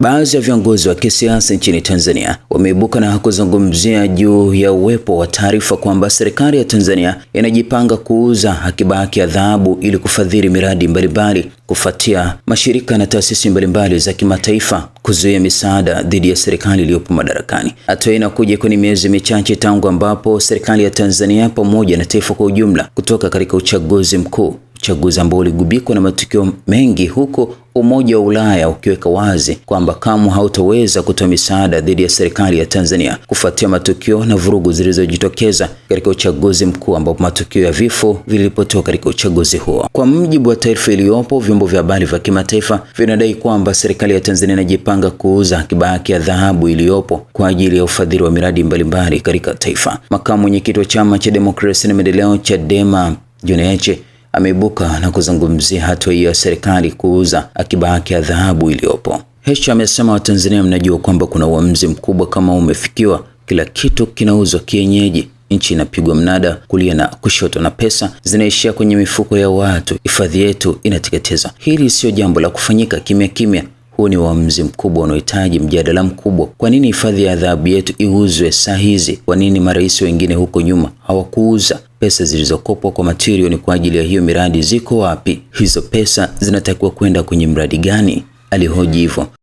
Baadhi ya viongozi wa kisiasa nchini Tanzania wameibuka na kuzungumzia juu ya uwepo wa taarifa kwamba serikali ya Tanzania inajipanga kuuza akibaki ya dhahabu ili kufadhili miradi mbalimbali kufuatia mashirika na taasisi mbalimbali za kimataifa kuzuia misaada dhidi ya serikali iliyopo madarakani. Hatua hii inakuja kwenye miezi michache tangu ambapo serikali ya Tanzania pamoja na taifa kwa ujumla kutoka katika uchaguzi mkuu uchaguzi ambao uligubikwa na matukio mengi, huko Umoja wa Ulaya ukiweka wazi kwamba kamwe hautaweza kutoa misaada dhidi ya serikali ya Tanzania kufuatia matukio na vurugu zilizojitokeza katika uchaguzi mkuu, ambapo matukio ya vifo vilipotoka katika uchaguzi huo. Kwa mujibu wa taarifa iliyopo, vyombo vya habari vya kimataifa vinadai kwamba serikali ya Tanzania inajipanga kuuza akiba yake ya dhahabu iliyopo kwa ajili ya ufadhili wa miradi mbalimbali katika taifa. Makamu mwenyekiti wa chama cha demokrasia na maendeleo Chadema John Heche ameibuka na kuzungumzia hatua hiyo ya serikali kuuza akiba yake ya dhahabu iliyopo. Heche amesema Watanzania mnajua kwamba kuna uamuzi mkubwa kama umefikiwa, kila kitu kinauzwa kienyeji, nchi inapigwa mnada kulia na kushoto na pesa zinaishia kwenye mifuko ya watu, hifadhi yetu inateketezwa. Hili siyo jambo la kufanyika kimya kimya. Huu ni uamuzi mkubwa unaohitaji mjadala mkubwa. Kwa nini hifadhi ya dhahabu yetu iuzwe saa hizi? Kwa nini marais wengine huko nyuma hawakuuza? pesa zilizokopwa kwa material ni kwa ajili ya hiyo miradi ziko wapi? Hizo pesa zinatakiwa kwenda kwenye mradi gani? Alihoji hivyo.